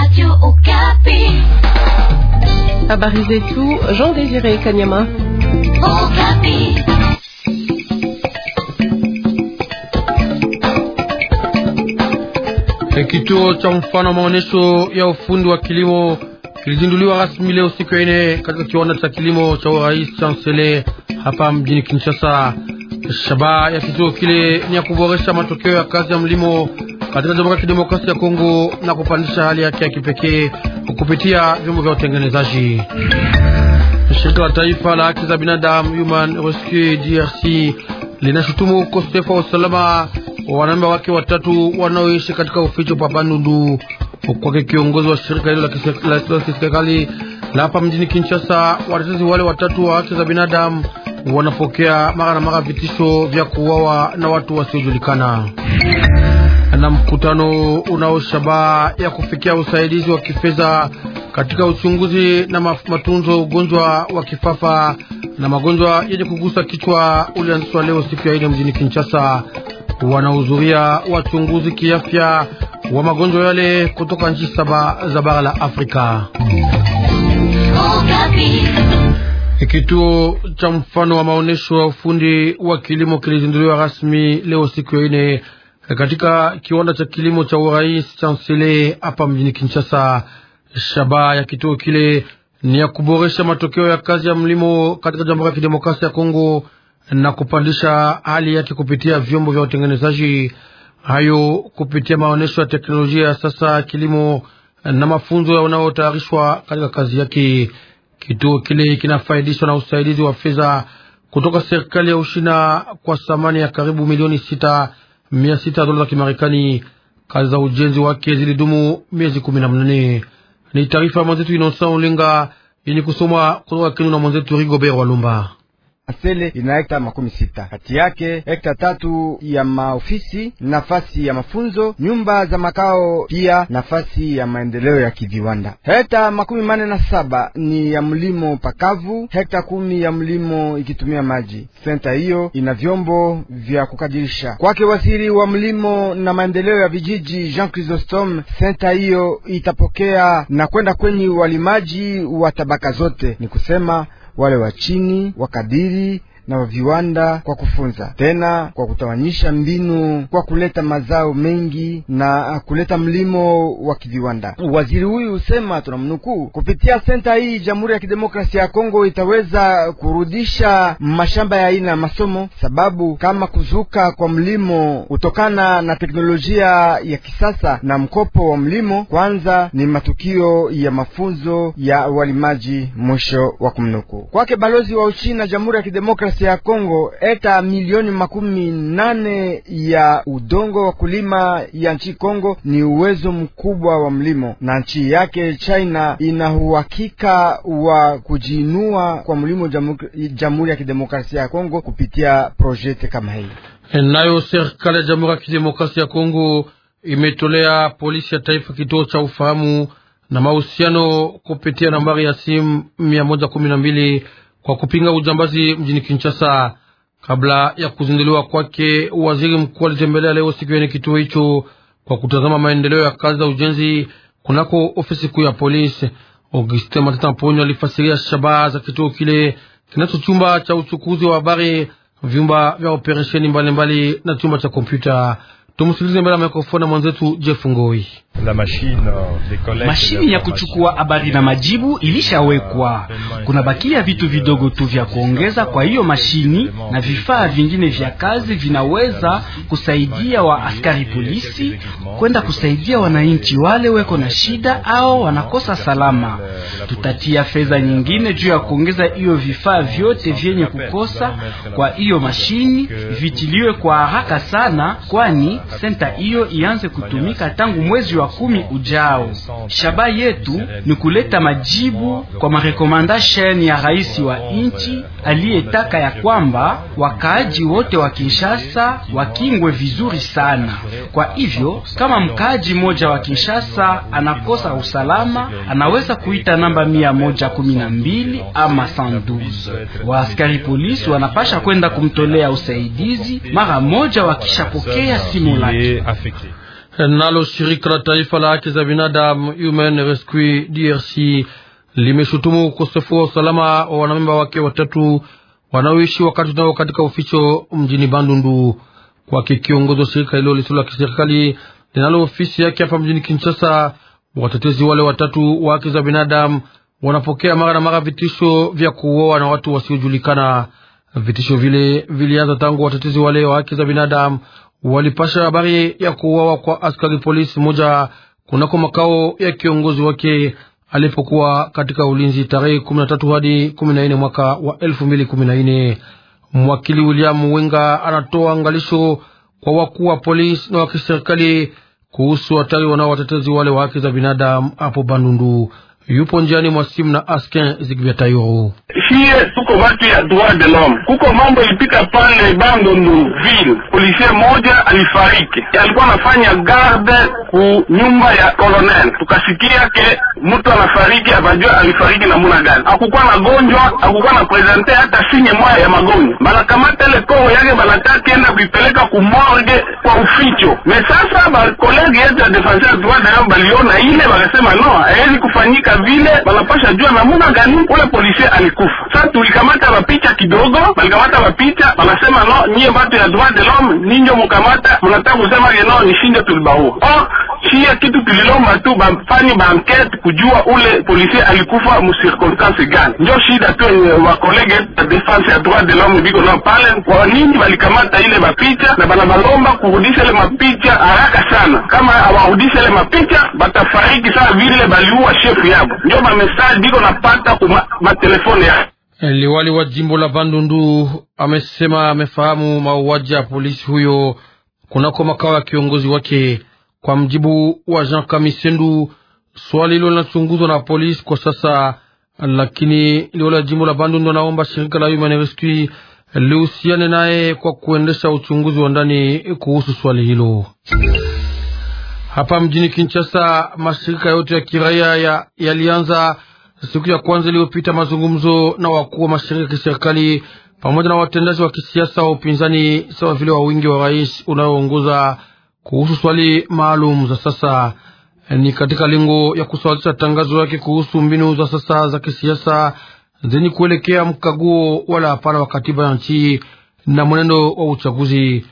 Radio Okapi. Habari zetu, Jean Désiré Kanyama. Okapi. E, kituo cha mfano maonesho ya ufundi wa kilimo kilizinduliwa rasmi leo siku ya ine katika kiwanda cha kilimo cha urais Chancele hapa mjini Kinshasa. Shabaha ya kituo kile ni ya kuboresha matokeo ya kazi ya mlimo katika Jamhuri ya Kidemokrasia ya Kongo na kupandisha hali yake ya kipekee kupitia vyombo vya utengenezaji. Shirika la taifa la haki za binadamu Human Rescue DRC linashutumu ukosefu wa usalama wa wanamemba wake watatu wanaoishi katika uficho pa Bandundu. Kwake kiongozi wa shirika hilo la kiserikali la hapa mjini Kinshasa, watetezi wale watatu wa haki za binadamu wanapokea mara na mara vitisho vya kuuawa na watu wasiojulikana na mkutano unao shabaha ya kufikia usaidizi wa kifedha katika uchunguzi na matunzo ugonjwa wa kifafa na magonjwa yenye kugusa kichwa ulianzishwa leo siku ya ine mjini Kinshasa. Wanahudhuria wachunguzi kiafya wa magonjwa yale kutoka nchi saba za bara la Afrika. Kituo cha mfano wa maonyesho ya ufundi wa kilimo kilizinduliwa rasmi leo siku ya ine E, katika kiwanda cha kilimo cha urais cha Nsele hapa mjini Kinshasa. Shabaha ya kituo kile ni ya kuboresha matokeo ya kazi ya mlimo katika Jamhuri ya Kidemokrasia ya Kongo na kupandisha hali yake kupitia vyombo vya utengenezaji hayo kupitia maonyesho ya teknolojia ya sasa ya kilimo na mafunzo yanayotayarishwa katika kazi yake. Kituo kile kinafaidishwa na usaidizi wa fedha kutoka serikali ya Ushina kwa thamani ya karibu milioni sita mia sita dola za Kimarekani. Kazi za ujenzi wake zilidumu miezi kumi na mnane. Ni taarifa ya mwenzetu Inosa yenye kusoma kutoka Kindu na mwenzetu Rigobert Walumba asele ina hekta makumi sita kati yake hekta tatu ya maofisi, nafasi ya mafunzo, nyumba za makao, pia nafasi ya maendeleo ya kiviwanda. Hekta makumi mane na saba ni ya mlimo pakavu, hekta kumi ya mlimo ikitumia maji. Senta hiyo ina vyombo vya kukadirisha. Kwake waziri wa mlimo na maendeleo ya vijiji Jean Chrysostome, senta hiyo itapokea na kwenda kwenye walimaji wa tabaka zote, ni kusema wale wa chini wakadiri na waviwanda kwa kufunza, tena kwa kutawanyisha mbinu kwa kuleta mazao mengi na kuleta mlimo wa kiviwanda. Waziri huyu husema, tunamnukuu, kupitia senta hii Jamhuri ya Kidemokrasia ya Kongo itaweza kurudisha mashamba ya aina ya masomo, sababu kama kuzuka kwa mlimo kutokana na teknolojia ya kisasa na mkopo wa mlimo kwanza ni matukio ya mafunzo ya walimaji. Mwisho wa kumnukuu kwake. Balozi wa Uchina Jamhuri ya Kidemokrasia kidemokrasia ya Kongo eta milioni makumi nane ya udongo wa kulima ya nchi Kongo ni uwezo mkubwa wa mlimo, na nchi yake China ina uhakika wa kujiinua kwa mlimo Jamhuri ya Kidemokrasia ya Kongo kupitia projete kama hii. Nayo serikali ya Jamhuri ya Kidemokrasia ya Kongo imetolea polisi ya taifa kituo cha ufahamu na mahusiano kupitia nambari ya simu mia moja kumi na mbili kwa kupinga ujambazi mjini Kinshasa. Kabla ya kuzinduliwa kwake, waziri mkuu alitembelea leo siku yenye kituo hicho kwa kutazama maendeleo ya kazi za ujenzi kunako ofisi kuu ya polisi. Augustin Matata alifasiria shabaha za kituo kile kinacho chumba cha uchukuzi wa habari, vyumba vya operesheni mbalimbali na chumba cha kompyuta. Tumsikilize mbele ya mikrofoni mwenzetu Jeff Ngoi. Mashini ya kuchukua habari na majibu ilishawekwa, kuna ya vitu vidogo tu vya kuongeza. Kwa hiyo mashini na vifaa vingine vya kazi vinaweza kusaidia wa askari polisi kwenda kusaidia wananchi wale weko na shida au wanakosa salama. Tutatia fedha nyingine juu ya kuongeza hiyo vifaa vyote vyenye kukosa. Kwa hiyo mashini vitiliwe kwa haraka sana, kwani senta hiyo ianze kutumika tangu mwezi wa kumi ujao. shaba yetu ni kuleta majibu kwa marekomandasheni ya rais wa nchi aliyetaka ya kwamba wakaaji wote wa Kinshasa wakingwe vizuri sana. Kwa hivyo kama mkaaji mmoja wa Kinshasa anakosa usalama, anaweza kuita namba mia moja kumi na mbili ama sandu. Waaskari polisi wanapasha kwenda kumtolea usaidizi mara moja wakishapokea simu yaliye affecté. Nalo shirika la taifa la haki za binadamu Human Rescue DRC limeshutumu ukosefu wa usalama wa wanamemba wake watatu wanaoishi wakati nao katika uficho mjini Bandundu. Kwake kiongozi wa shirika hilo lisilo la kiserikali linalo ofisi yake hapa mjini Kinshasa, watetezi wale watatu wa haki za binadamu wanapokea mara na mara vitisho vya kuoa na watu wasiojulikana. Vitisho vile vilianza tangu watetezi wale wa haki za binadamu walipasha habari ya kuuawa kwa askari polisi moja kunako makao ya kiongozi wake alipokuwa katika ulinzi tarehe 13 hadi 14 mwaka wa 2014. Mwakili William Wenga anatoa angalisho kwa wakuu wa polisi na wa kiserikali kuhusu hatari wanaowatetezi wale wa haki za binadamu hapo Bandundu yupo njiani mwa simu na Askin Zigvetayoro. Hiye tuko watu ya droit de l'homme, kuko mambo ilipita pale Bandundu ville, polisie moja alifariki, alikuwa anafanya garde ku nyumba ya colonel, tukasikia ke mtu anafariki, avajua alifariki namuna gani, akukuwa na gonjwa, akukuwa na prezente hata sinye moya ya magonjwa, banakamata ile koo yake banataka kenda kuipeleka kumorge kwa uficho. Me sasa bakolege yetu ya defense ya droit de l'homme baliona ile, bakasema no, haiwezi kufanyika vile wanapasha jua namuna gani ule polisi alikufa. Sasa tulikamata mapicha kidogo, walikamata mapicha, wanasema no, nyie watu ya droit de l'homme ninjo mukamata, mnataka kusema no nishinde tulibaua. o oh, chia kitu tulilomba tu bafanye bankete kujua ule polisi alikufa musirkonstanse gani. Njo shida tu yenye wakolege ya defense ya droit de l'homme biko nao pale, kwa nini walikamata ile mapicha na banabalomba balomba kurudisha ile mapicha haraka sana. Kama hawarudisha ile mapicha batafariki sana vile baliua shefu ya ajabu, ndio mamesage biko napata ku matelefone ya eh, liwali wa jimbo la Bandundu amesema amefahamu mauaji ya polisi huyo kunako makao ya kiongozi wake. Kwa mjibu wa Jean Kamisendu, swali hilo linachunguzwa na polisi kwa sasa, lakini liwali wa jimbo la Bandundu anaomba shirika la Human Rescue lihusiane naye kwa kuendesha uchunguzi wa ndani kuhusu swali hilo. Hapa mjini Kinshasa, mashirika yote ya kiraia yalianza siku ya kwanza iliyopita mazungumzo na wakuu wa mashirika ya kiserikali pamoja na watendaji wa kisiasa wa upinzani sawa vile wa wingi wa rais unaoongoza kuhusu swali maalum za sasa. Ni katika lengo ya kusawazisha tangazo yake kuhusu mbinu za sasa za kisiasa zenye kuelekea mkaguo wala hapana wa katiba ya nchi na mwenendo wa uchaguzi.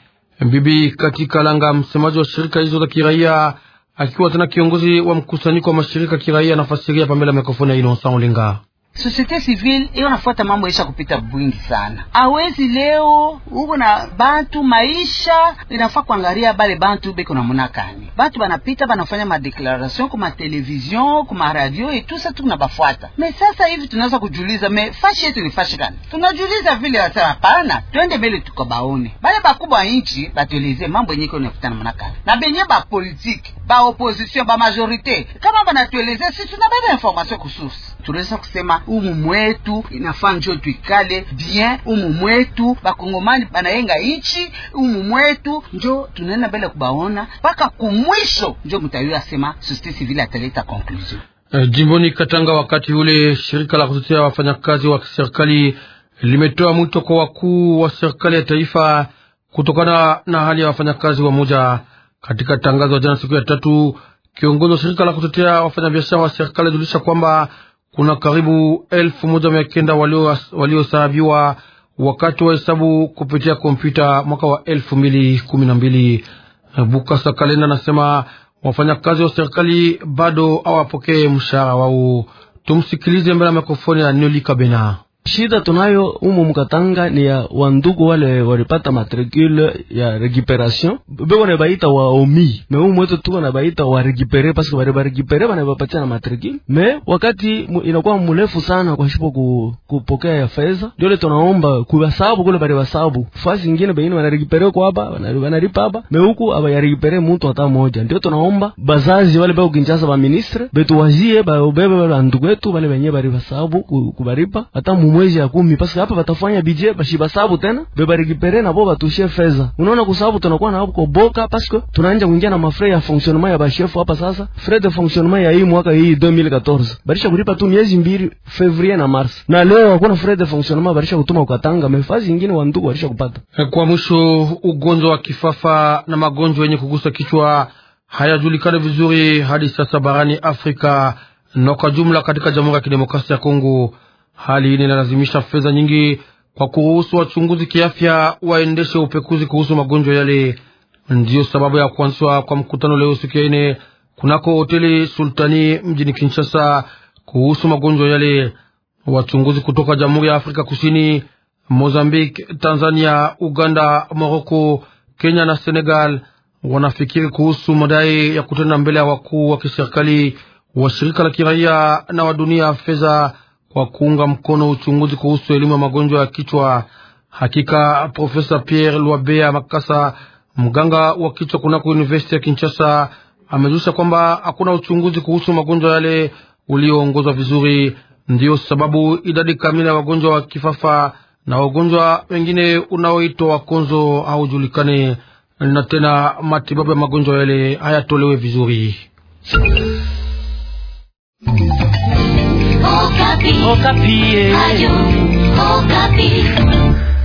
Bibi Katika Langa, msemaji wa shirika hizo za kiraia, akiwa tena kiongozi wa mkusanyiko wa mashirika kiraia, nafasiria pambele ya mikrofoni ya Inosa Olinga societe civile iyo nafuata mambo yaisha kupita bwingi sana, awezi leo huko na bantu maisha linafaa kuangalia bale bantu beko namuna kani, bantu banapita banafanya madeklaration kuma television kuma radio etusa tu nabafuata. Me sasa hivi tunaweza kujuliza, me fashi yetu ni fashi kani? Tunajuliza vile wasema pana, twende mbele tukabaone bale bakubwa inchi batueleze mambo yenye iko nafuta namuna kani, na benye ba politique ba opposition ba majorite kama banatueleze sisi na bale information kususi tunaweza kusema umu mwetu, inafaa njo tuikale bien umu mwetu, bakongomani banayenga ichi umu mwetu, njo tunaenda mbele kubaona mpaka kumwisho, njo mutayu asema société civile ataleta conclusion. Uh, jimboni Katanga, wakati ule shirika la kutetea wafanyakazi wa serikali limetoa mwito kwa wakuu wa serikali ya taifa kutokana na hali ya wafanyakazi wa moja. Katika tangazo la jana siku ya tatu, kiongozi wa shirika la kutetea wafanyabiashara wa serikali alijulisha kwamba kuna karibu elfu moja mia kenda waliosaabiwa walio wakati wa hesabu kupitia kompyuta mwaka wa elfu mbili kumi na mbili. Bukasa Kalenda anasema wafanyakazi wa serikali bado hawapokee mshahara wao. Tumsikilize mbele ya mikrofoni ya Noli Kabena. Shida tunayo umu mkatanga ni ya wandugu wale walipata matricule ya recuperation be na baita wa omi me umu wetu tuko na baita wa recupere parce que bale ba recupere bana bapatia na matricule me wakati inakuwa mulefu sana kwa shipo ku, kupokea ya fedha, ndio tunaomba kubasabu kule bale basabu fasi nyingine baina wana recupere kwa hapa ripa hapa me huku aba ya recupere mtu hata moja, ndio tunaomba bazazi wale ba Kinshasa ba ministre betu wazie ba bebe wale ndugu wetu wale wenyewe bale basabu kubaripa hata mumu mwezi ya kumi paske hapa batafanya bidje basabu tena bebarigipere nabo batushie fedha. Unaona, kwa sababu tunakuwa na hapo boka paske tunaanja kuingia na mafre ya fonctionnement ya bashefu hapa. Sasa frais de fonctionnement ya hii mwaka hii 2014 barisha kulipa tu miezi mbili Fevrier na Mars, na leo hakuna frais de fonctionnement barisha kutuma ukatanga mefazi nyingine wa ndugu barisha kupata. Eh, kwa mwisho, ugonjwa wa kifafa na magonjwa yenye kugusa kichwa hayajulikani vizuri hadi sasa barani Afrika na kwa jumla katika Jamhuri ya Kidemokrasia ya Kongo. Hali hii inalazimisha fedha nyingi kwa kuruhusu wachunguzi kiafya waendeshe upekuzi kuhusu magonjwa yale. Ndiyo sababu ya kuanzishwa kwa mkutano leo siku ya ine kunako hoteli Sultani mjini Kinshasa kuhusu magonjwa yale. Wachunguzi kutoka Jamhuri ya Afrika Kusini, Mozambique, Tanzania, Uganda, Moroko, Kenya na Senegal wanafikiri kuhusu madai ya kutenda mbele ya wakuu wa kiserikali wa shirika la kiraia na wa dunia fedha kwa kuunga mkono uchunguzi kuhusu elimu ya magonjwa ya kichwa. Hakika Profesa Pierre Lwabea Makasa, mganga wa kichwa kunako University ya Kinshasa, amejulisha kwamba hakuna uchunguzi kuhusu magonjwa yale ulioongozwa vizuri. Ndiyo sababu idadi kamili ya wagonjwa wa kifafa na wagonjwa wengine unaoitwa wakonzo haujulikane, na tena matibabu ya magonjwa yale hayatolewe vizuri. Okapi. Okapi. Eh.